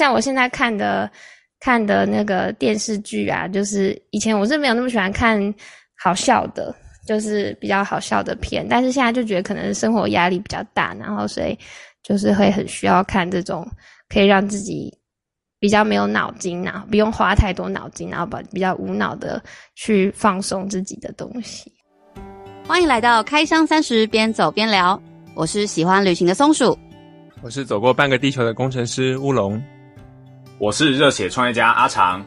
像我現在看的看的那個電視劇啊，就是以前我是沒有那麼喜歡看好笑的，就是比較好笑的片，但是現在就覺得可能生活壓力比較大，然後所以就是會很需要看這種可以讓自己比較沒有腦筋啊，然後不用花太多腦筋，然後把比較無腦的去放鬆自己的東西。歡迎來到開箱三十邊走邊聊，我是喜歡旅行的松鼠，我是走過半個地球的工程師烏龍。我是熱血創業家阿長，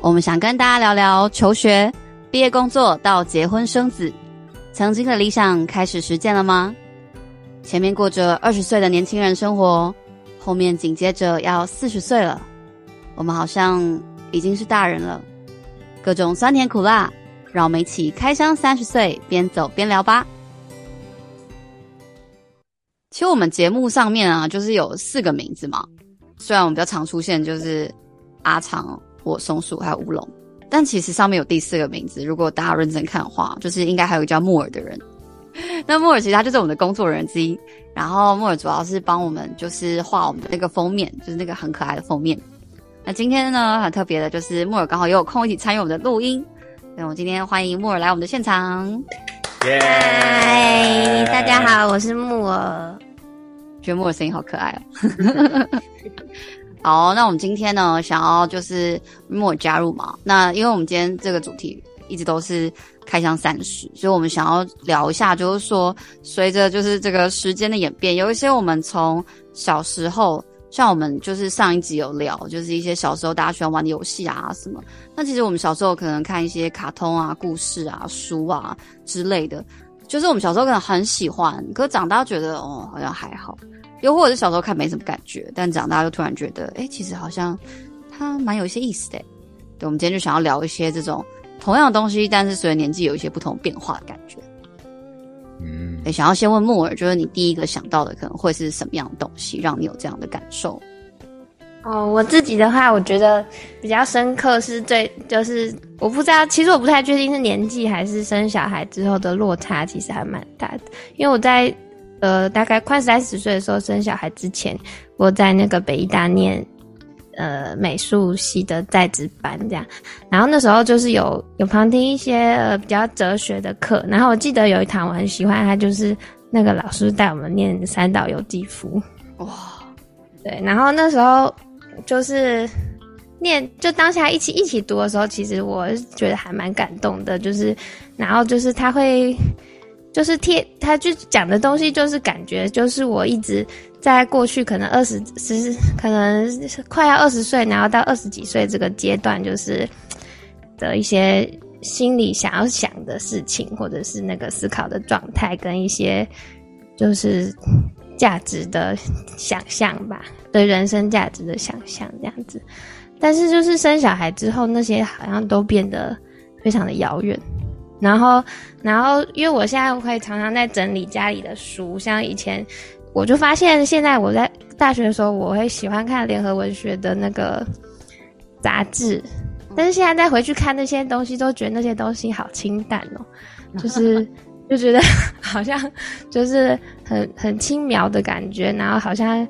我們想跟大家聊聊求學、畢業、工作到結婚生子，曾經的理想開始實踐了嗎？前面過着二十歲的年輕人生活，後面緊接着要四十歲了，我們好像已經是大人了，各種酸甜苦辣，讓我們一起開箱三十歲，邊走邊聊吧。其實我們節目上面啊，就是有四個名字嘛。雖然我們比較常出現，就是阿長、或松鼠，還有烏龍，但其實上面有第四個名字。如果大家認真看的話，就是應該還有一個叫木耳的人。那木耳其實他就是我們的工作人員之一，然後木耳主要是幫我們就是畫我們的那個封面，就是那個很可愛的封面。那今天呢很特別的，就是木耳剛好也有空一起參與我們的錄音，所以我們今天歡迎木耳來我們的現場。嗨、yeah，Hi, 大家好，我是木耳。覺得木耳聲音好可愛哦、啊！ 好，那我們今天呢，想要就是木耳加入嘛。那因為我們今天這個主題一直都是開箱三十，所以我們想要聊一下，就是說隨着就是這個時間的演變，有一些我們從小時候，像我們就是上一集有聊，就是一些小時候大家喜歡玩的遊戲啊什麼。那其實我們小時候可能看一些卡通啊、故事啊、書啊之類的。就是我們小時候可能很喜歡，可是長大覺得哦，好像還好，又或者是小時候看沒什麼感覺，但長大又突然覺得哎，其實好像它蠻有一些意思的。對，我們今天就想要聊一些這種同樣的東西，但是隨着年紀有一些不同變化的感覺。嗯，想要先問木耳，就是你第一個想到的可能會是什麼樣的東西，讓你有這樣的感受？哦，我自己的話，我覺得比較深刻是最就是，我不知道，其實我不太確定是年紀還是生小孩之後的落差，其實還蠻大的。因為我在，呃，大概快三十歲的時候生小孩之前，我在那個北藝大念，呃，美術系的在職班這樣，然後那時候就是有有旁聽一些呃比較哲學的課，然後我記得有一堂我很喜歡，他就是那個老師帶我們念三島由紀夫，哇，對，然後那時候。就是念，就當下一起一起讀的時候，其實我覺得還蠻感動的。就是，然後就是他會，就是貼，他就講的東西，就是感覺，就是我一直在過去，可能二十，其實可能快要二十歲，然後到二十幾歲這個階段，就是的一些心裡想要想的事情，或者是那個思考的狀態，跟一些就是。價值的想象吧，對人生價值的想象這樣子，但是就是生小孩之後，那些好像都變得非常的遙遠。然後，然後因為我現在可以常常在整理家裡的書，像以前我就發現，現在我在大學的時候，我會喜歡看聯合文學的那個雜誌，但是現在再回去看那些東西，都覺得那些東西好清淡哦、喔，就是。就覺得好像就是很很輕描的感覺，然後好像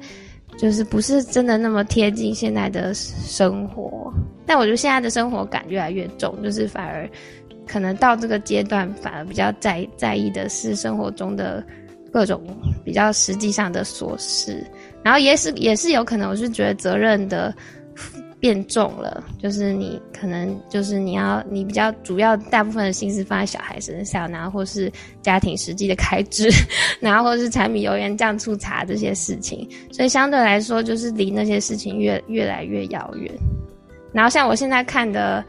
就是不是真的那麼貼近現在的生活。但我覺得現在的生活感越來越重，就是反而可能到這個階段，反而比較在在意的是生活中的各種比較實際上的瑣事，然後也是也是有可能，我是覺得責任的。變重了，就是你可能就是你要你比較主要大部分的心思放在小孩身上，然後或是家庭實際的開支，然後或是柴米油鹽醬醋茶這些事情，所以相對來說就是離那些事情越越來越遙遠。然後像我現在看的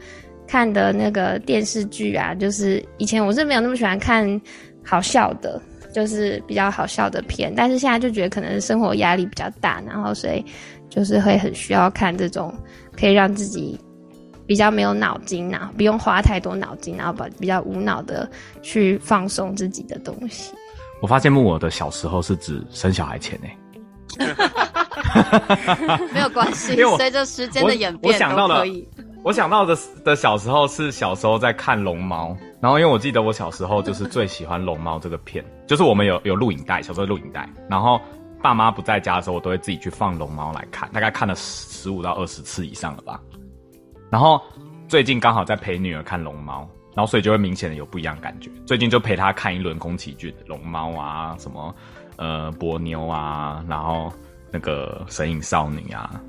看的那個電視劇啊，就是以前我是沒有那麼喜歡看好笑的，就是比較好笑的片，但是現在就覺得可能生活壓力比較大，然後所以就是會很需要看這種。可以讓自己比較沒有腦筋啊，不用花太多腦筋，然後把比較無腦的去放鬆自己的東西。我發現木耳的小時候是指生小孩前？哎、欸， 沒有關係，所以隨着時間的演變我，我想到了，我想到的想到的，的小時候是小時候在看龍貓，然後因為我記得我小時候就是最喜歡龍貓這個片，就是我們有有錄影帶，小時候錄影帶，然後。爸媽不在家的時候，我都會自己去放《龍貓》來看，大概看了十五到二十次以上了吧。然後最近剛好在陪女兒看《龍貓》，然後所以就會明顯的有不一樣感覺。最近就陪她看一輪宮崎駿的《龍貓》啊，什麼呃《波妞》啊，然後那個《神影少女》啊，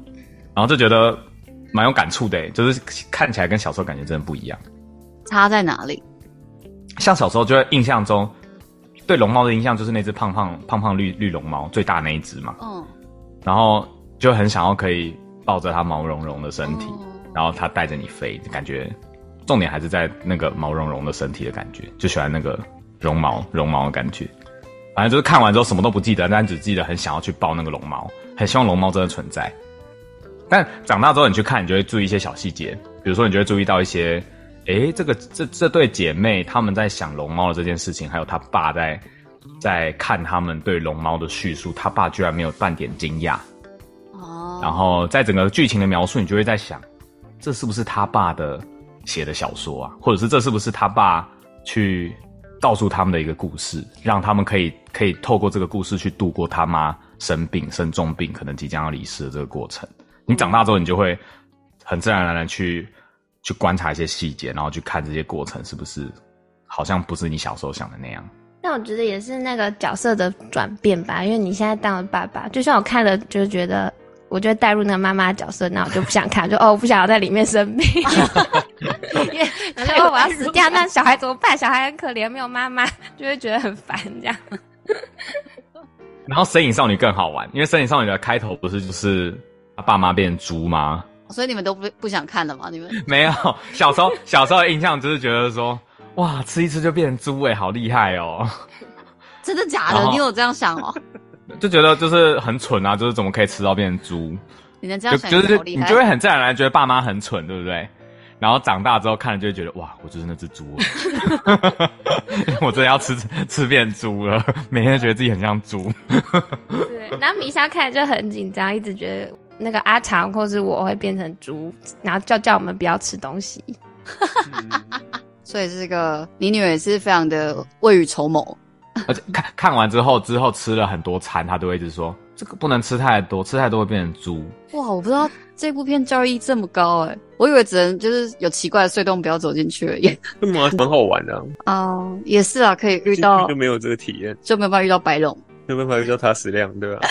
然後就覺得蠻有感觸的，就是看起來跟小時候感覺真的不一樣。差在哪裡？像小時候就會印象中。對龍貓的印象就是那只胖胖胖胖綠綠龍貓，最大那一只嘛。嗯。然後就很想要可以抱着它毛茸茸的身體，然後它帶着你飛，感覺重點還是在那個毛茸茸的身體的感覺，就喜歡那個絨毛絨毛的感覺。反正就是看完之後什麼都不記得，但只記得很想要去抱那個龍貓，很希望龍貓真的存在。但長大之後你去看，你就會注意一些小細節，比如說你就會注意到一些。誒，這個這這對姐妹他們在想龍貓的這件事情，還有他爸在在看他們對龍貓的敘述，他爸居然沒有半點驚訝哦。然後在整個劇情的描述，你就會在想，這是不是他爸的寫的小說啊？或者是這是不是他爸去告訴他們的一個故事，讓他們可以可以透過這個故事去度過他媽生病、生重病、可能即將要離世的這個過程。你長大之後，你就會很自然而然的去。去觀察一些細節，然後去看這些過程是不是好像不是你小時候想的那樣。那我覺得也是那個角色的轉變吧，因為你現在當了爸爸，就像我看了，就是覺得，我就會帶入那個媽媽的角色，那我就不想看，就 哦，我不想要在裡面生病，因 為、哦、 我要死掉， 那小孩怎麼辦？小孩很可憐，沒有媽媽，就會覺得很煩這樣。 然後《神隱少女》更好玩，因為《神隱少女》的開頭不是就是他爸媽變豬嗎？所以你們都不不想看了嗎？你們沒有小時候小時候的印象就是覺得說，哇，吃一吃就變豬誒、欸，好厲害哦！真的假的？你有這樣想哦？就覺得就是很蠢啊，就是怎麼可以吃到變豬？你能這樣想，就是你就會很自然而然覺得爸媽很蠢，對不對？然後長大之後看了就會覺得，哇，我就是那隻豬了， 我真的要吃吃變豬了，每天覺得自己很像豬。對，然後米莎看着就很緊張，一直覺得。那個阿長，或是我會變成豬，然後叫叫我們不要吃東西。 嗯、所以這個你女兒也是非常的未雨綢繆。而且看看完之後，之後吃了很多餐，她都會一直說這個不能吃太多，吃太多會變成豬。哇，我不知道這部片教育意這麼高哎、欸，我以為只能就是有奇怪的隧道不要走進去而已。蠻 蠻好玩的、啊。哦、uh,，也是啊，可以遇到就沒有這個體驗，就沒有辦法遇到白龍，就沒有辦法遇到他食亮，對吧、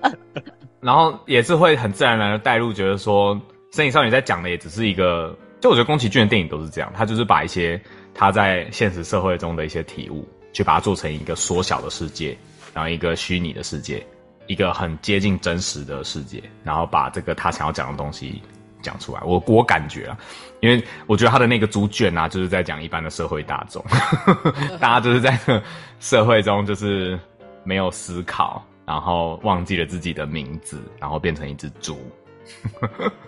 啊？ 然後也是會很自然而然的帶入，覺得說《神隱少女》在講的也只是一個，就我覺得宮崎駿的電影都是這樣，他就是把一些他在現實社會中的一些體悟，去把它做成一個縮小的世界，然後一個虛擬的世界，一個很接近真實的世界，然後把這個他想要講的東西講出來。我我感覺啊，因為我覺得他的那個《豬圈》啊，就是在講一般的社會大眾，呵呵 大家就是在這個社會中就是沒有思考。然後忘記了自己的名字，然後變成一隻豬。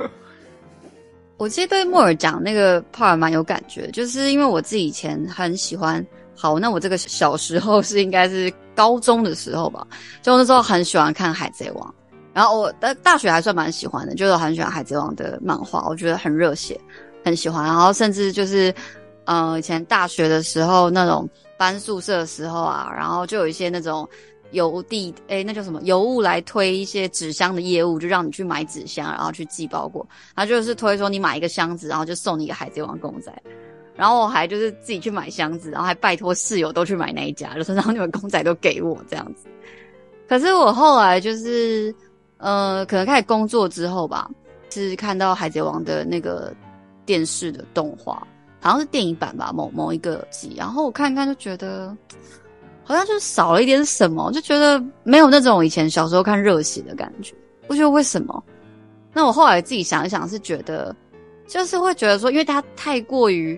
我其實對木耳講那個 part 蠻有感覺，就是因為我自己以前很喜歡。好，那我這個小時候是應該是高中的時候吧，就那時候很喜歡看《海賊王》，然後我的大學還算蠻喜歡的，就是我很喜歡《海賊王》的漫畫，我覺得很熱血，很喜歡。然後甚至就是，呃，以前大學的時候那種搬宿舍的時候啊，然後就有一些那種。郵遞哎，那叫什麼？郵務？來推一些紙箱的業務，就讓你去買紙箱，然後去寄包裹。他就是推說你買一個箱子，然後就送你一個海賊王公仔。然後我還就是自己去買箱子，然後還拜托室友都去買那一家，就說、是、讓你們公仔都給我這樣子。可是我後來就是，呃，可能開始工作之後吧，是看到海賊王的那個電視的動畫，好像是電影版吧，某某一個集，然後我看看就覺得。好像就少了一點什麼，就覺得沒有那種以前小時候看熱血的感覺。我覺得為什麼？那我後來自己想一想是覺得，就是會覺得說，因為他太過於，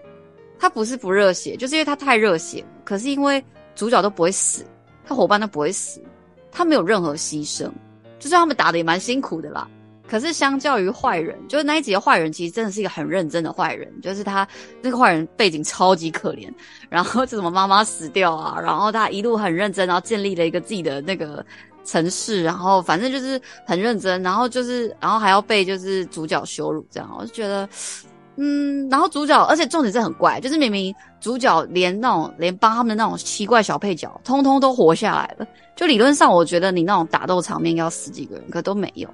他不是不熱血，就是因為他太熱血。可是因為主角都不會死，他夥伴都不會死，他沒有任何犧牲，就算他們打得也蠻辛苦的啦。可是，相較於壞人，就是那幾個壞人，其實真的是一個很認真的壞人。就是他那個壞人背景超級可憐，然後就怎麼媽媽死掉啊？然後他一路很認真，然後建立了一個自己的那個城市，然後反正就是很認真，然後就是，然後還要被就是主角羞辱這樣。我就覺得，嗯，然後主角，而且重點是很怪，就是明明主角連那種連幫他們的那種奇怪小配角，通通都活下來了。就理論上，我覺得你那種打鬥場面要死幾個人，可都沒有。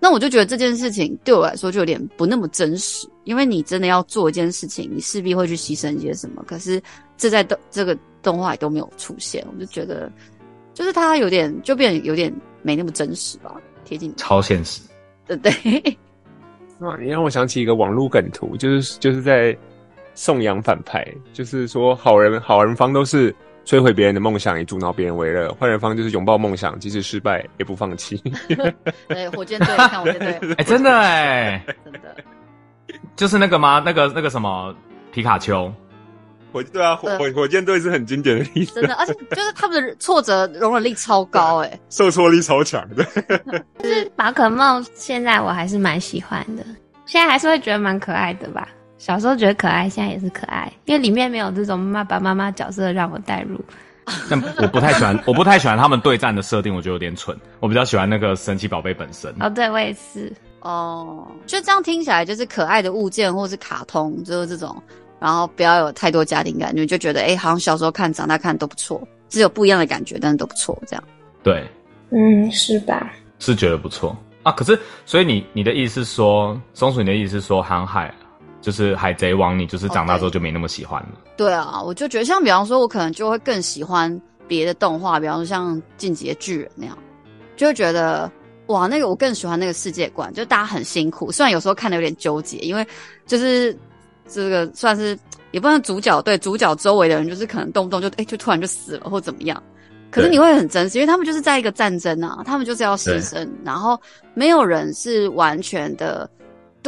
那我就覺得這件事情對我來說就有點不那麼真實，因為你真的要做一件事情，你勢必會去犧牲一些什麼。可是這在動這個動畫裡都沒有出現，我就覺得，就是它有點就變有點沒那麼真實吧，貼近超現實，對不對？哇，你讓我想起一個網絡梗圖，就是就是在頌揚反派，就是說好人好人方都是。摧毀別人的夢想以阻撓別人為樂，壞人方就是擁抱夢想，即使失敗也不放棄。 對，火箭隊，看火箭隊 哎、欸，真的哎， 真的，就是那個嗎？那個那個什麼皮卡丘，火，對啊，火火火箭隊是很經典的例子。真的，而且就是他們的挫折容忍力超高，哎，受挫力超強的。 就是寶可夢，現在我還是蠻喜歡的，現在還是會覺得蠻可愛的吧。小時候覺得可愛，現在也是可愛，因為裡面沒有這種爸爸媽媽角色讓我代入。但我不太喜歡， 我不太喜歡他們對戰的設定，我覺得有點蠢。我比較喜歡那個神奇寶貝本身。哦，對，我也是。哦、呃，就這樣聽起來就是可愛的物件，或是卡通，就是這種，然後不要有太多家庭感覺，就覺得哎、欸，好像小時候看、長大看都不錯，只有不一樣的感覺，但是都不錯。這樣。對。嗯，是吧？是覺得不錯。啊，可是，所以你你的意思是說，松鼠，你的意思是說航海？就是海賊王，你就是長大之後就沒那麼喜歡了。Oh, 對，對啊，我就覺得像比方說，我可能就會更喜歡別的動畫，比方說像《進擊的巨人》那樣，就會覺得哇，那個我更喜歡那個世界觀，就大家很辛苦，雖然有時候看的有點糾結，因為就是這個算是也不能主角對主角周圍的人，就是可能動不動就哎、欸、就突然就死了或怎麼樣，可是你會很珍惜，因為他們就是在一個戰爭啊，他們就是要犧牲，然後沒有人是完全的。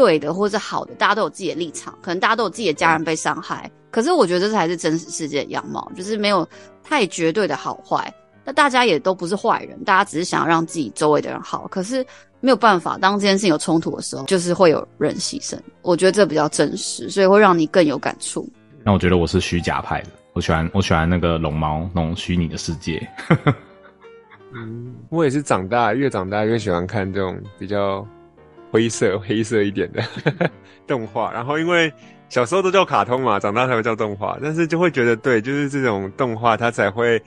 對的，或者是好的，大家都有自己的立場，可能大家都有自己的家人被傷害。可是我覺得這才是真實世界的樣貌，就是沒有太絕對的好壞。那大家也都不是壞人，大家只是想要讓自己周圍的人好。可是沒有辦法，當這件事情有衝突的時候，就是會有人犧牲。我覺得這比較真實，所以會讓你更有感觸。那我覺得我是虛假派的，我喜歡我喜歡那個龍貓那種虛擬的世界。 嗯，我也是長大，越長大越喜歡看這種比較。灰色、黑色一點的 動畫，然後因為小時候都叫卡通嘛，長大才會叫動畫，但是就會覺得對，就是這種動畫它才會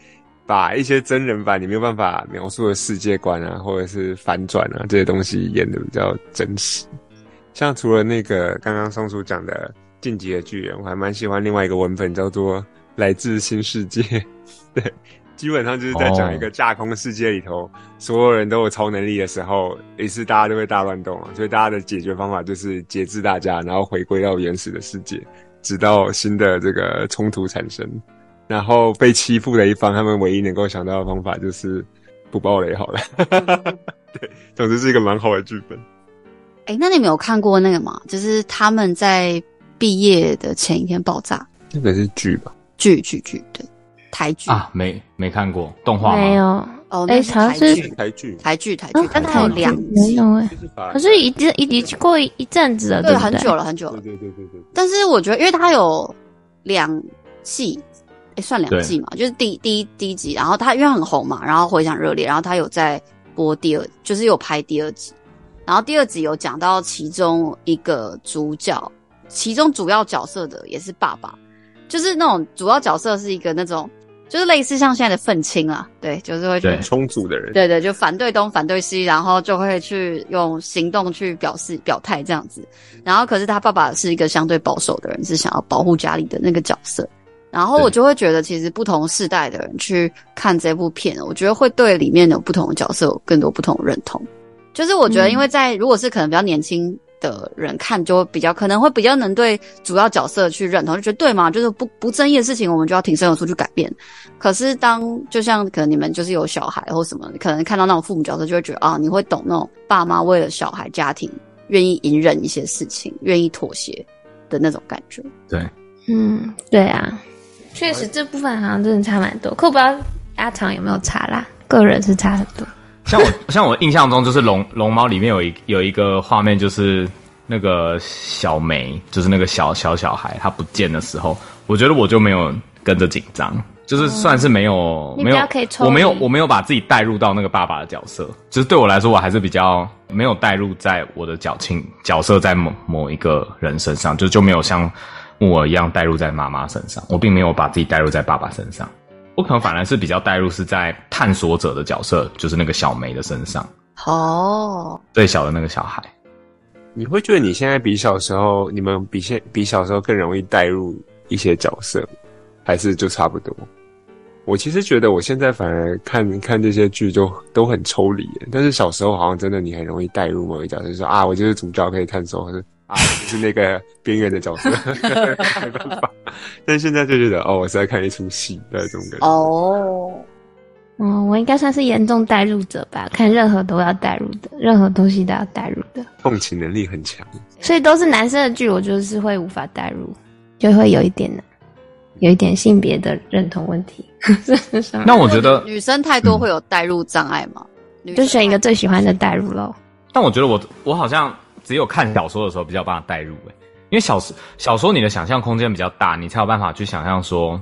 把一些真人版你沒有辦法描述的世界觀啊，或者是反轉啊這些東西演得比較真實。像除了那個剛剛松鼠講的《進擊的巨人》，我還蠻喜歡另外一個文本叫做《來自新世界，》 對。基本上就是在講一個架空世界裡頭，oh. 所有人都有超能力的時候，於是大家都會大亂動了。所以大家的解決方法就是節制大家，然後回歸到原始的世界，直到新的這個衝突產生。然後被欺負的一方，他們唯一能夠想到的方法就是不爆雷好了。 對，總之是一個蠻好的劇本。哎、欸，那你們有看過那個嗎？就是他們在畢業的前一天爆炸。那個是劇吧？劇劇劇，對。台劇啊，沒沒看過動畫，沒、哎、有哦，哎、欸，台劇台劇台劇台劇，但他還有兩集，哎，可是已經已經過一陣子，對，很久了，了，很久了，對對對對，對。但是我覺得，因為他有兩季，哎、欸，算兩季嘛，就是第第一第一集，然後他因為很紅嘛，然後回響熱烈，然後他有在播第二，就是有拍第二集，然後第二集有講到其中一個主角，其中主要角色的也是爸爸，就是那種主要角色是一個那種。就是類似像現在的憤青啊，對，就是會覺得很充足的人，對，對對，就反對東反對西，然後就會去用行動去表示表態這樣子。然後可是他爸爸是一個相對保守的人，是想要保護家裡的那個角色。然後我就會覺得，其實不同世代的人去看這部片，我覺得會對裡面的不同的角色有更多不同的認同。就是我覺得，因為在、嗯、如果是可能比較年輕。的人看就會比較，可能會比較能對主要角色去認同，就覺得對嘛，就是不不正義的事情我們就要挺身而出去改變。可是當，就像可能你們就是有小孩或什麼，可能看到那種父母角色就會覺得啊，你會懂那種爸媽為了小孩家庭願意隱忍一些事情，願意妥協的那種感覺。對，嗯，對啊，確實這部分好像真的差蠻多，可我不知道阿長有沒有差啦，個人是差很多。 像我像我印象中就是《龍龍貓》裡面有一有一個畫面，就是那個小梅，就是那個小小小孩，他不見的時候，我覺得我就沒有跟着緊張，就是算是沒有、哦、沒有沒有，我沒有我沒有把自己帶入到那個爸爸的角色，就是對我來說，我還是比較沒有帶入在我的角、角色在某某一個人身上，就就沒有像木耳一樣帶入在媽媽身上，我並沒有把自己帶入在爸爸身上。我可能反而是比較代入，是在探索者的角色，就是那個小梅的身上哦，最小的那個小孩。你會覺得你現在比小時候，你們比現比小時候更容易代入一些角色，還是就差不多？我其實覺得我現在反而看看這些劇就都很抽離，但是小時候好像真的你很容易代入某一個角色，就說啊，我就是主角可以探索，或者啊，就是那個邊緣的角色， 沒辦法。但現在就覺得哦，我是在看一出戲，大概這種感覺。哦，嗯，我應該算是嚴重代入者吧，看任何都要代入的，任何東西都要代入的，共情能力很強。所以都是男生的劇，我就是會無法代入，就會有一點難，有一點性別的認同問題。 那我覺得 女生太多會有代入障礙嗎、嗯，就選一個最喜歡的代入嘍。但我覺得我我好像只有看小說的時候比較把他代入誒、欸。因為小時小時候你的想象空間比較大，你才有辦法去想象說，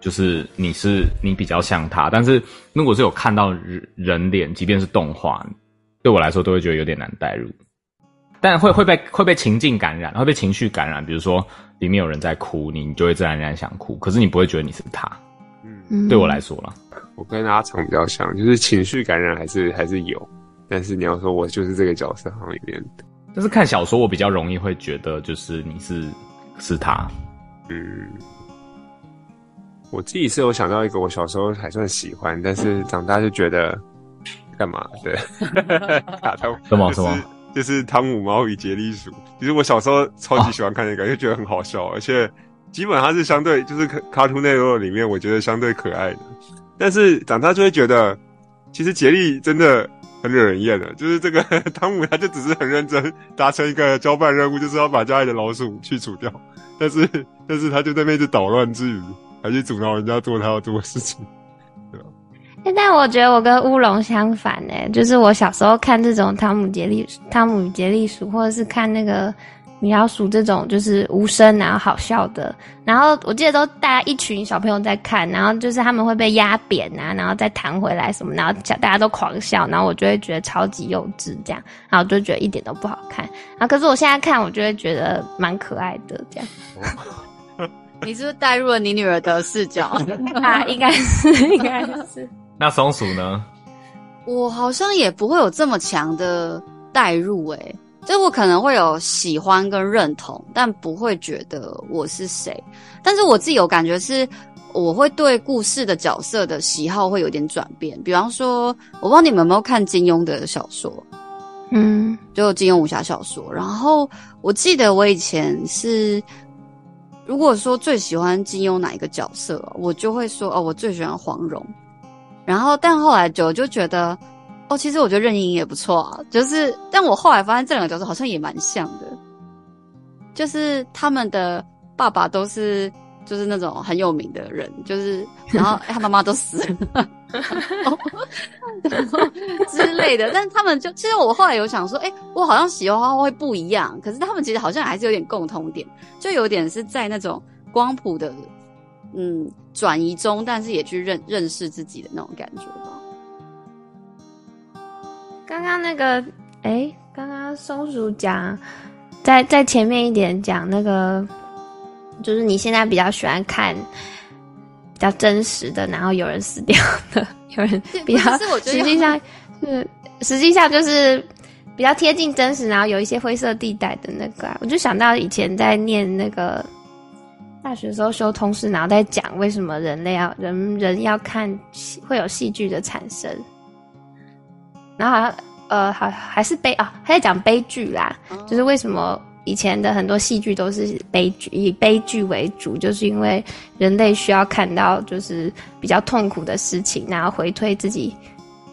就是你是你比較像他。但是如果是有看到人人臉，即便是動畫，對我來說都會覺得有點難代入。但會會被會被情境感染，會被情緒感染。比如說裡面有人在哭，你你就會自然而然想哭。可是你不會覺得你是他，嗯，對我來說啦。我跟阿長比較像，就是情緒感染還是還是有。但是你要說我就是這個角色行裡面的。但是看小說，我比較容易會覺得，就是你是，是他。嗯，我自己是有想到一個，我小時候還算喜歡，但是長大就覺得幹嘛？對， 卡通什麼什麼，就是《湯姆貓與傑利鼠》。其實我小時候超級喜歡看那個，啊、就覺得很好笑，而且基本上是相對就是卡通內容裡面，我覺得相對可愛的。但是長大就會覺得，其實傑利真的。很惹人厭的，就是這個湯姆，他就只是很認真達成一個交辦任務，就是要把家裡的老鼠去除掉。但是，但是他就在那邊就搗亂之餘，還去阻撓人家做他要做的事情，對吧？但我覺得我跟烏龍相反呢、欸，就是我小時候看這種湯姆傑利湯姆傑利鼠，或者是看那個。你要鼠這種就是無聲然後好笑的，然後我記得都大家一群小朋友在看，然後就是他們會被壓扁、啊、然後再彈回來什麼，然後大家都狂笑，然後我就會覺得超級幼稚這樣，然後我就會覺得一點都不好看。啊，可是我現在看我就會覺得蠻可愛的這樣。 你是不是帶入了你女兒的視角？ 啊，應該是，應該是。 那松鼠呢？我好像也不會有這麼強的帶入哎、欸。所以我可能會有喜歡跟認同，但不會覺得我是誰。但是我自己有感覺是，我會對故事的角色的喜好會有點轉變。比方說，我不知道你們有沒有看金庸的小說，嗯，就金庸武俠小說。然後我記得我以前是，如果說最喜歡金庸哪一個角色，我就會說哦，我最喜歡黃蓉。然後，但後來就我就覺得。哦，其實我覺得任盈盈也不錯啊，就是但我後來發現這兩個角色好像也蠻像的，就是他們的爸爸都是就是那種很有名的人，就是然後、欸、他媽媽都死了、 哦、然後之類的，但他們就其實我後來有想說，哎、欸，我好像喜歡花會不一樣，可是他們其實好像還是有點共同點，就有點是在那種光譜的嗯轉移中，但是也去認認識自己的那種感覺吧。剛剛那個，誒、欸，剛剛松鼠講，在在前面一點講那個，就是你現在比較喜歡看比較真實的，然後有人死掉的，有人比較，是我覺得實際上，是實際上就是比較貼近真實，然後有一些灰色地帶的那個、啊，我就想到以前在念那個大學時候修通識，然後在講為什麼人類要人人要看會有戲劇的產生。然後好像，呃，還還是悲啊，哦，還在講悲劇啦。就是為什麼以前的很多戲劇都是悲劇，以悲劇為主，就是因為人類需要看到就是比較痛苦的事情，然後回推自己，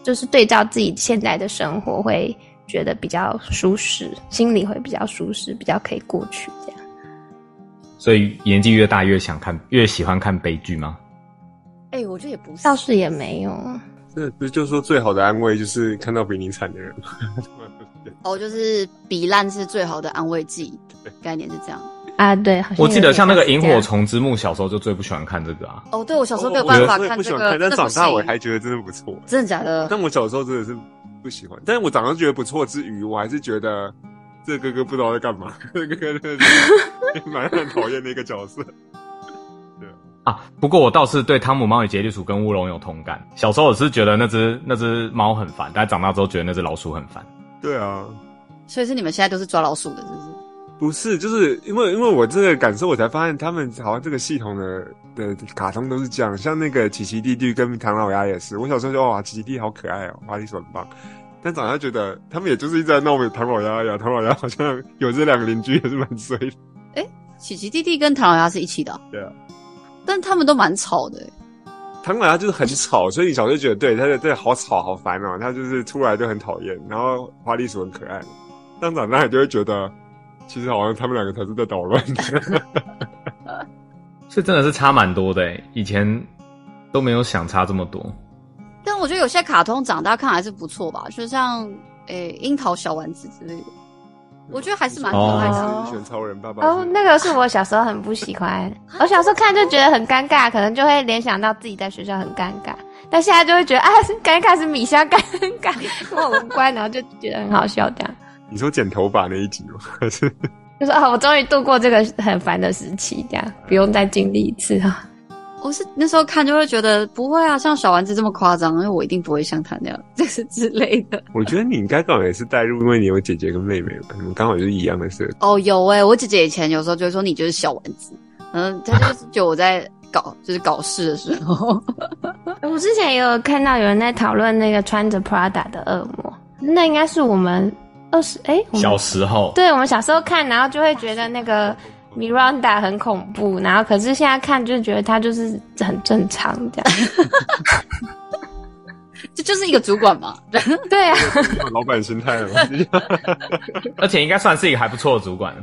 就是對照自己現在的生活，會覺得比較舒適，心裡會比較舒適，比較可以過去這樣。所以年紀越大越想看，越喜歡看悲劇嗎？哎，欸，我覺得也不是，倒是也沒有。這不就是說最好的安慰就是看到比你慘的人嗎？ 哦，就是比爛是最好的安慰劑，對，概念是這樣啊。對，我記得像那個《螢火蟲之墓》小啊那個之墓，小時候就最不喜歡看這個啊。哦，對我小時候沒有辦法看這個，哦我不喜歡看那個、但長大我還覺得真的不錯。真的假的？但我小時候真的是不喜歡，但是我長大覺得不錯之餘，我還是覺得這個哥哥不知道在幹嘛，這哥哥真的蠻很討厭的一個角色。啊！不過我倒是對《湯姆貓與傑利鼠》跟烏龍有同感。小時候我是覺得那只那只貓很煩，但長大之後覺得那只老鼠很煩。對啊，所以是你們現在都是抓老鼠的，是不是？不是，就是因為因為我這個感受，我才發現他們好像這個系統的的卡通都是這樣。像那個奇奇弟弟跟唐老鴨也是。我小時候就說哇，奇奇弟弟好可愛哦、喔，花栗鼠很棒。但長大覺得他們也就是一直在鬧唐老鴨呀，唐老鴨好像有這兩個鄰居也是蠻衰的。哎、欸，奇奇弟弟跟唐老鴨是一起的喔？對啊。但他們都蠻吵的、欸，他們倆就是很吵，所以你小時候覺得對，他的對好吵好煩哦，他就是突然就很討厭。然後花栗鼠很可愛，但長大也就會覺得，其實好像他們兩個才是在搗亂的， 所以真的是差蠻多的、欸。以前都沒有想差這麼多，但我覺得有些卡通長大看還是不錯吧，就像、欸、櫻桃小丸子之類的。我覺得還是蠻可愛的、哦。你喜歡超人爸爸？哦，那個是我小時候很不喜歡。 我小時候看就覺得很尷尬，可能就會聯想到自己在學校很尷尬。但現在就會覺得，啊，尷尬是米香尷 尷尬，跟我無關，然後就覺得很好笑。這樣，你說剪頭髮那一集嗎？還是？ 就是啊，我終於度過這個很煩的時期，這樣不用再經歷一次啊、哦。我是那時候看就會覺得不會啊，像小丸子這麼誇張，因為我一定不會像他那樣，就是之類的。我覺得你應該剛好也是代入，因為你有姐姐跟妹妹吧？你們剛好就是一樣的設定哦，oh, 有誒、欸、我姐姐以前有時候就會說，你就是小丸子，嗯，她就是覺得我在搞 就是搞事的時候。 我之前也有看到有人在討論那個穿着 Prada 的惡魔，那應該是我們二十誒小時候，對我們小時候看，然後就會覺得那個。Miranda 很恐怖，然後可是現在看就覺得他就是很正常這樣， 這就是一個主管嘛， 對啊，老闆心態了，而且應該算是一個還不錯的主管。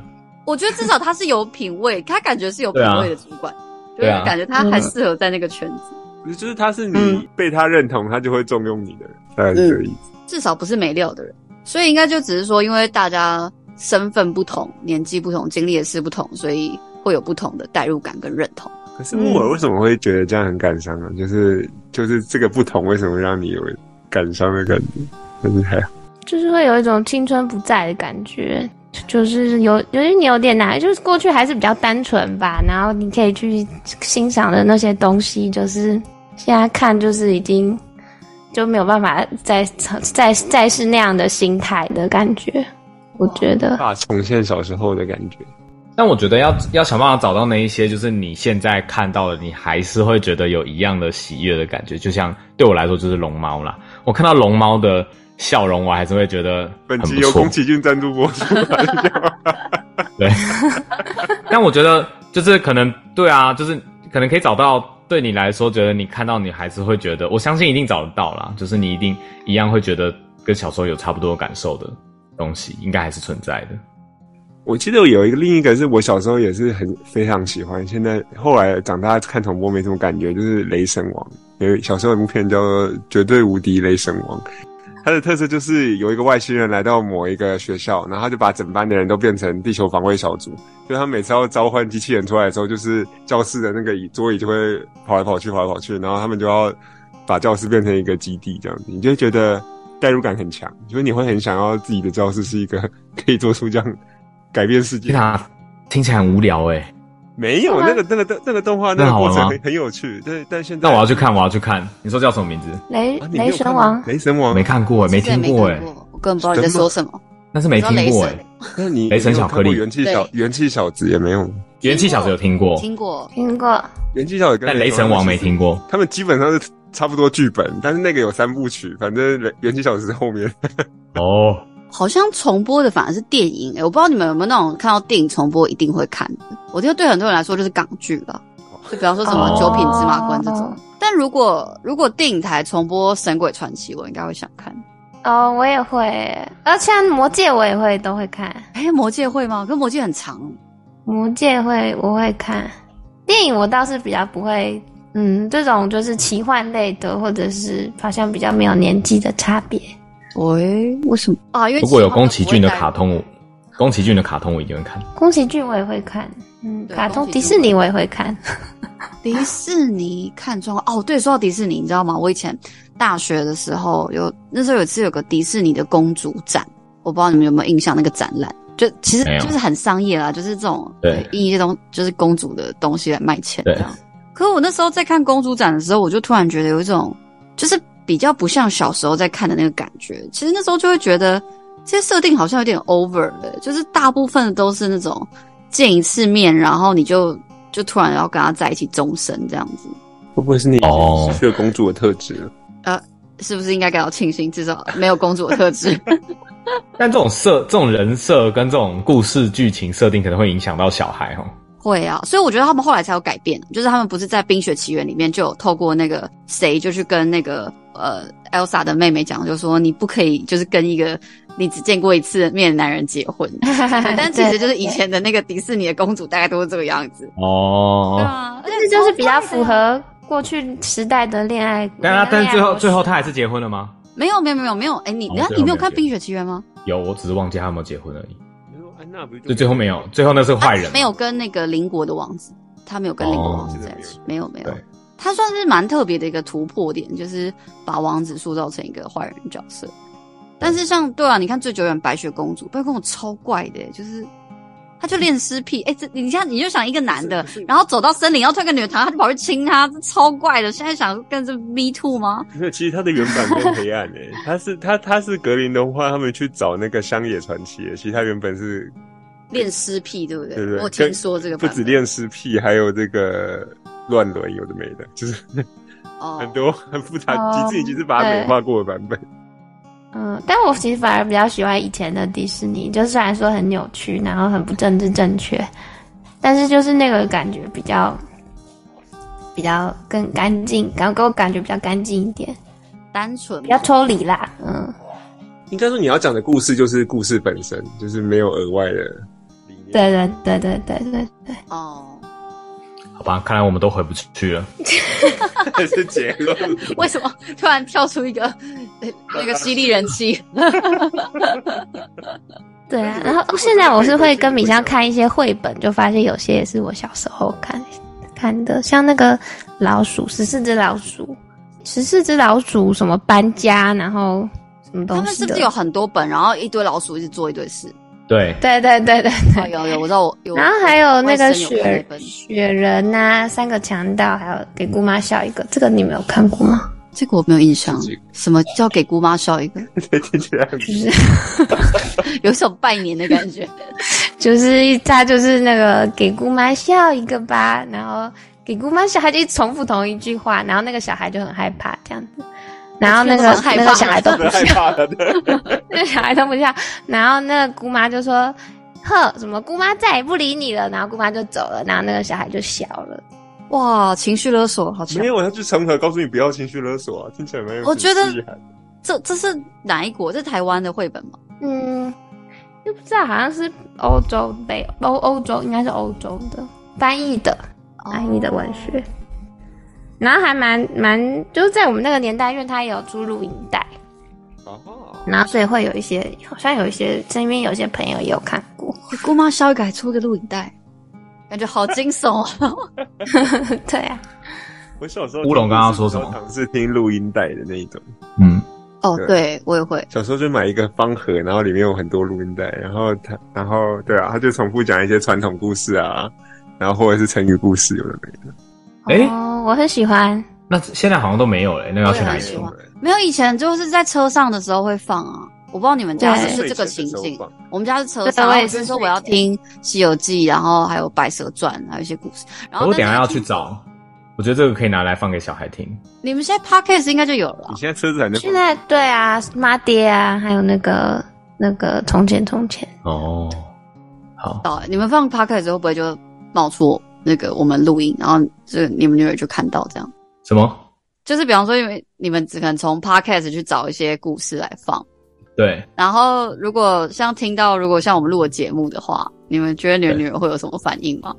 我覺得至少他是有品味， 他感覺是有品味的主管，對啊、就是感覺他還適合在那個圈子。不、啊嗯、就是他是你被他認同，他就會重用你的人，嗯，大概這個意思。至少不是沒料的人，所以應該就只是說，因為大家。身份不同，年紀不同，經歷也是不同，所以會有不同的代入感跟認同。可是木耳為什麼會覺得這樣很感傷呢、啊嗯？就是就是這個不同，為什麼讓你有感傷那個心態？ 就是會有一種青春不再的感覺，就是有，有點你有點難，就是過去還是比較單純吧，然後你可以去欣賞的那些東西，就是現在看就是已經就沒有辦法再再再，再是那樣的心態的感覺。我覺得，重現小時候的感覺。但我覺得要要想辦法找到那一些，就是你現在看到的，你還是會覺得有一樣的喜悅的感覺。就像對我來說，就是龍貓啦。我看到龍貓的笑容，我還是會覺得很不錯。本集由宮崎駿贊助播出。 對，但我覺得就是可能對啊，就是可能可以找到對你來說，覺得你看到你還是會覺得，我相信一定找得到啦，就是你一定一樣會覺得跟小時候有差不多的感受的。東西應該還是存在的。我記得有一個，另一個是我小時候也是很非常喜歡。現在後來長大看重播沒什麼感覺，就是《雷神王》。因為小時候的一部片叫做《絕對無敵雷神王》，它的特色就是有一個外星人來到某一個學校，然後他就把整班的人都變成地球防衛小組。就他每次要召喚機器人出來的時候，就是教室的那個椅桌椅就會跑來跑去，跑來跑去，然後他們就要把教室變成一個基地這樣子，你就覺得。代入感很強，就是你會很想要自己的招式是一個可以做出這樣改變世界。聽起來很無聊誒、欸。沒有那個、那個、那個動那個動畫那個過程很，好嗎很有趣。對，但現在那我要去看，我要去看。你說叫什麼名字？雷雷神王。啊、雷神王沒看過哎、欸，沒聽過誒、欸。我根本不知道你在說什麼。什麼但是沒聽過誒、欸。那你雷神巧克力元氣小元氣小子也沒有，元氣小子有聽過，聽過聽過。元氣小子跟雷神，但雷神王沒聽過，他們，他們基本上是。差不多劇本，但是那個有三部曲，反正《元氣小子》在後面。哦，好像重播的反而是電影誒、欸，我不知道你們有沒有那種看到電影重播一定會看的。我覺得對很多人來說就是港劇吧，就比方說什麼《九品芝麻官》這種。Oh. 但如果如果電影台重播《神鬼傳奇》，我應該會想看。哦、oh，我也會，而且《魔戒》我也會都會看。誒、欸，魔戒》會嗎？跟《魔戒》很長，魔戒會《魔戒》會，我會看。電影，我倒是比較不會。嗯，這種就是奇幻類的，或者是好像比較沒有年紀的差別。喂，為什麼啊？因為不，如果有宮崎駿的卡通，宮崎駿的卡通我一定會看。宮崎駿我也會看，嗯，卡通迪士尼我也會看。會看迪士尼看中。哦，對，說到迪士尼，你知道嗎？我以前大學的時候有，那時候有一次有個迪士尼的公主展，我不知道你們有沒有印象？那個展覽就其實就是很商業啦，就是這種。對，印一些東，就是公主的東西來賣錢這可是我那時候在看公主展的時候，我就突然覺得有一種，就是比較不像小時候在看的那個感覺。其實那時候就會覺得這些設定好像有點 over 的，就是大部分的都是那種見一次面，然後你就就突然要跟他在一起終身這樣子。會不會是你失去了公主的特質？Oh. 呃，是不是應該感到慶幸，至少沒有公主的特質？ 但這種設、這種人設跟這種故事劇情設定，可能會影響到小孩哦。會啊，所以我覺得他們後來才有改變，就是他們不是在《冰雪奇緣》裡面就有透過那個誰，就是跟那個呃 Elsa 的妹妹講，就是說你不可以就是跟一個你只見過一次面的男人結婚。 但其實就是以前的那個迪士尼的公主大概都是這個樣子。哦， 對啊，但是就是比較符合過去時代的戀愛。那但、啊、但最後最後他還是結婚了嗎？沒有沒有沒有沒有，哎、欸、你你沒有看《冰雪奇緣》嗎？有，我只是忘記他們結婚而已。那不就最後沒有，最後那是壞人。啊，沒有跟那個鄰國的王子，他沒有跟鄰國王子在一起，哦、沒有沒有對，他算是蠻特別的一個突破點，就是把王子塑造成一個壞人角色。但是像對啊，你看最久遠《白雪公主》，白雪公主超怪的，就是。他就戀屍癖，哎、欸，這你像你就想一個男的，是是然後走到森林要退個女的，他就跑去親她，這超怪的。現在想跟着 me too 嗎？沒有，其實他的原版更黑暗誒。 他是他他是格林童話，他們去找那個《鄉野傳奇》。其實他原本是戀屍癖，對不對？對對？我聽說這個本不止戀屍癖，還有這個亂倫，有的沒的，就是、oh. 很多很複雜。迪士尼已經是把他美化過的版本。Oh. 嗯，但我其實反而比較喜歡以前的迪士尼，就雖然說很扭曲，然後很不政治正確，但是就是那個感覺比較，比較更乾淨，然後給我感覺比較乾淨一點，單純，比較抽離啦，嗯。應該說你要講的故事就是故事本身，就是沒有額外的。對對對對對對對。哦、oh. 吧，看來我們都回不去了。這是結論。為什麼突然跳出一個那個犀利人氣？ 對啊，然後、哦、現在我是會跟米香看一些繪本，就發現有些也是我小時候看看的，像那個老鼠，十四只老鼠，十四只老鼠，老鼠什麼搬家，然後什麼東西的？他們是不是有很多本？然後一堆老鼠一直做一堆事。對，對對對對對，對、哦、有有，我知道我。有。然後還有那個雪那雪人吶、啊，三個強盜，還有給姑媽笑一個，這個你沒有看過嗎？這個我沒有印象。什麼叫給姑媽笑一個？就 是 有一種拜年的感覺， 就是一，他就是那個給姑媽笑一個吧，然後給姑媽笑，他就一直重複同一句話，然後那個小孩就很害怕，這樣子。然後那個那個害怕的那個小孩都不笑， 那小孩都不笑。然後那個姑媽就說：“呵，什麼姑媽再也不理你了。”然後姑媽就走了。然後那個小孩就笑了。哇，情緒勒索，好，今天我要去成河告訴你不要情緒勒索啊！聽起來沒有，我覺得這這是哪一國？是台灣的繪本嗎？嗯，又不知道，好像是歐洲北歐歐洲應該是歐洲的翻譯的翻譯的文學。Oh. 然後還蠻蠻就是在我們那個年代，因為他也有租錄音帶哦哦，然後所以會有一些，好像有一些身邊有一些朋友也有看過。姑媽稍微改出個錄音帶，感覺好驚悚 對啊！對，我小時候，時候烏龍剛，剛剛說什麼？是聽錄音帶的那一種。嗯，哦，對我也會。小時候就買一個方盒，然後裡面有很多錄音帶，然後他，然後對啊，他就重複講一些傳統故事啊，然後或者是成語故事，有的沒的。哎、欸，oh, 我很喜歡。那現在好像都沒有了，那個、要去哪裡搜？沒有，以前就是在車上的時候會放啊，我不知道你們家是不是這個情景。我們家是車上，我也是說我要聽《西遊記》，然後還有《白蛇傳》，還有一些故事。然後我等一下要去找，我覺得這個可以拿來放給小孩聽。你們現在 podcast 應該就有了。你現在車子還在放？現在對啊，媽爹啊，還有那個那個從前從前。哦，oh, 好。到你們放 podcast 之後，不會就冒出我？那個我們錄音，然後這你們女兒就看到這樣。什麼？就是比方說，因為你們只能從 Podcast 去找一些故事來放。對。然後如果像聽到，如果像我們錄的節目的話，你們覺得你們女兒會有什麼反應嗎？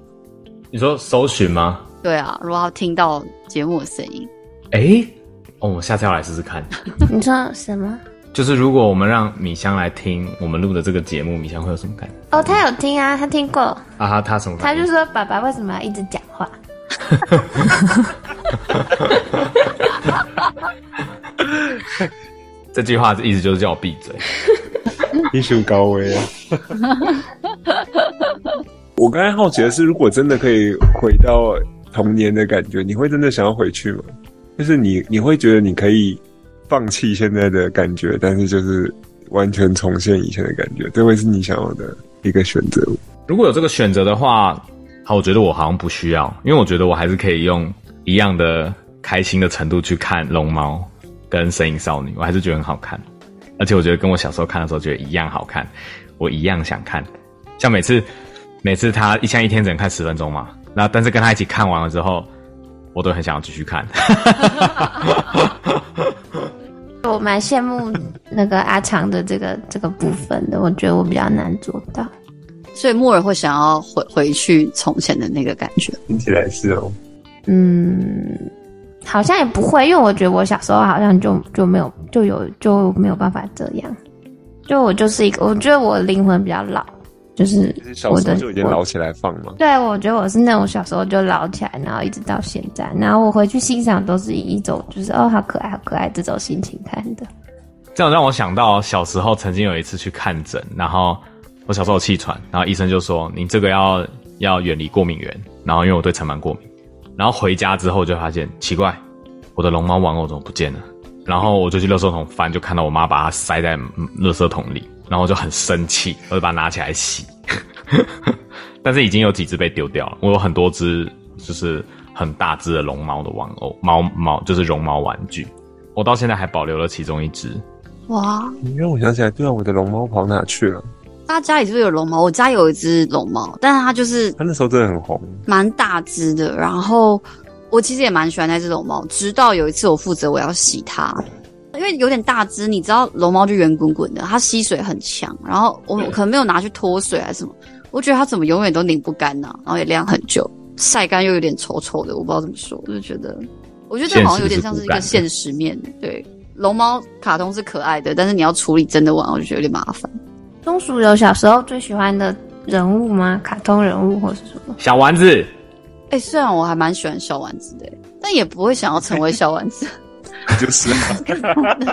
你說搜尋嗎？對啊，如果要聽到節目的聲音。哎、欸，哦，我下次要來試試看。你說什麼？就是如果我們讓米香來聽我們錄的這個節目，米香會有什麼感覺？哦，他有聽啊，他聽過啊他，他什麼？他就說：“爸爸為什麼要一直講話？” 這句話的意思就是叫我閉嘴，藝術高危啊！ 我剛才好奇的是，如果真的可以回到童年的感覺，你會真的想要回去嗎？就是你，你會覺得你可以？放棄現在的感覺，但是就是完全重現以前的感覺，這會是你想要的一個選擇？如果有這個選擇的話，好，我覺得我好像不需要，因為我覺得我還是可以用一樣的開心的程度去看《龍貓》跟《神隱少女》，我還是覺得很好看，而且我覺得跟我小時候看的時候覺得一樣好看，我一樣想看。像每次，每次他一像一天只能看十分鐘嘛，那但是跟他一起看完了之後，我都很想要繼續看。 我蠻羨慕那個阿長的這個這個部分的，我覺得我比較難做到。所以木耳會想要回回去從前的那個感覺，聽起來是哦？嗯，好像也不會，因為我覺得我小時候好像就就沒有就有就沒有辦法這樣。就我就是一個，我覺得我靈魂比較老。就是我的小時候就已經撈起來放了。對，我覺得我是那種小時候就撈起來，然後一直到現在。然後我回去欣賞，都是以一種就是哦，好可愛，好可愛這種心情看的。這樣讓我想到小時候曾經有一次去看診，然後我小時候有氣喘，然後醫生就說你這個要要遠離過敏源。然後因為我對塵蟎過敏，然後回家之後就發現奇怪，我的龍貓玩偶怎麼不見了？然後我就去垃圾桶翻，就看到我媽把它塞在垃圾桶裡。然後我就很生氣，我就把它拿起來洗。 但是已經有幾隻被丟掉了。我有很多隻，就是很大隻的龍貓的玩偶，貓貓就是絨毛玩具。我到現在還保留了其中一隻。哇！你讓我想起來，對啊，我的龍貓跑哪去了？大家家裡是不是有龍貓？我家有一隻龍貓，但是他就是……他那時候真的很紅，蠻大隻的。然後我其實也蠻喜歡那隻龍貓，直到有一次我負責我要洗它。因為有點大只，你知道龍貓就圓滾滾的，它吸水很強。然後我可能沒有拿去脫水還是什麼，我覺得它怎麼永遠都擰不乾呢、啊？然後也晾很久，曬乾又有點醜丑的，我不知道怎麼說。我就覺得，我覺得這好像有點像是一個現實面對龍貓，龍貓卡通是可愛的，但是你要處理真的玩偶，我就覺得有點麻煩。松鼠有小時候最喜歡的人物嗎？卡通人物或是什麼？小丸子。哎、欸，雖然我還蠻喜歡小丸子的、欸，但也不會想要成為小丸子。 你就是嗎、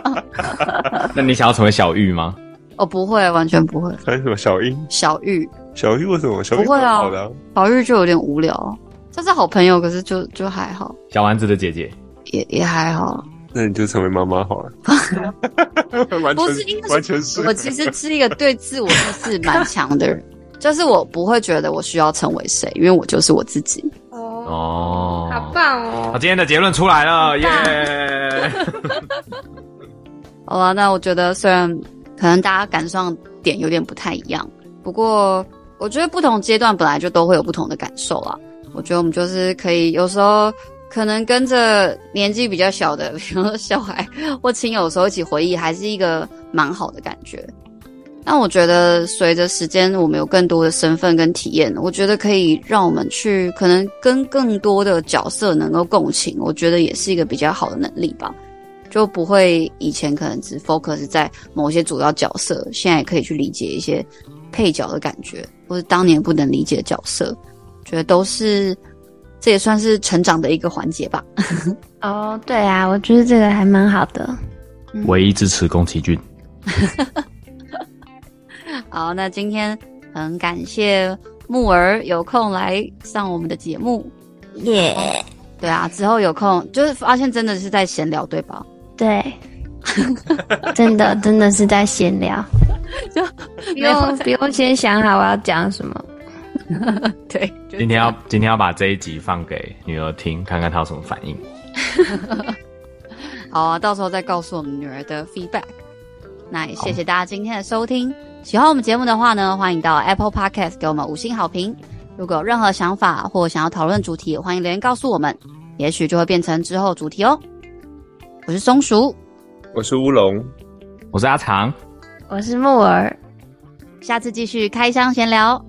啊？ 那你想要成為小玉嗎？哦、oh,，不會，完全不會。還有什麼小英、小玉、小玉？為什麼小玉、啊、不會啊？小玉就有點無聊，這是好朋友，可是就就還好。小丸子的姐姐也也還好。那你就成為媽媽好了。 不是，是，完全是我其實是一個對自我就是蠻強的人， 就是我不會覺得我需要成為誰，因為我就是我自己。哦、oh,，好棒哦！今天的結論出來了，耶！Yeah、 好啦，那我覺得雖然可能大家感受點有點不太一樣，不過我覺得不同階段本來就都會有不同的感受啦。我覺得我們就是可以，有時候可能跟着年紀比較小的，比如說小孩或親友，的時候一起回憶，還是一個蠻好的感覺。那我覺得，隨着時間，我們有更多的身份跟體驗，我覺得可以讓我們去可能跟更多的角色能夠共情。我覺得也是一個比較好的能力吧，就不會以前可能只 focus 在某些主要角色，現在也可以去理解一些配角的感覺，或者當年不能理解的角色，覺得都是這也算是成長的一個環節吧。哦，對啊，我覺得這個還蠻好的。嗯。唯一支持宮崎駿。 好，那今天很感謝木耳有空來上我們的節目，耶、yeah！對啊，之後有空就是發現真的是在閒聊，對吧？對， 真的真的是在閒聊，就 不用不用先想好我要講什麼。 對、就是，今天要今天要把這一集放給女兒聽，看看她有什麼反應。 好啊，到時候再告訴我們女兒的 feedback。那也謝謝大家今天的收聽。喜歡我們節目的話呢，歡迎到 Apple Podcast 給我們五星好評。如果有任何想法或想要討論主題，歡迎留言告訴我們，也許就會變成之後主題哦。我是松鼠，我是烏龍，我是阿長，我是木耳。下次繼續開箱閒聊。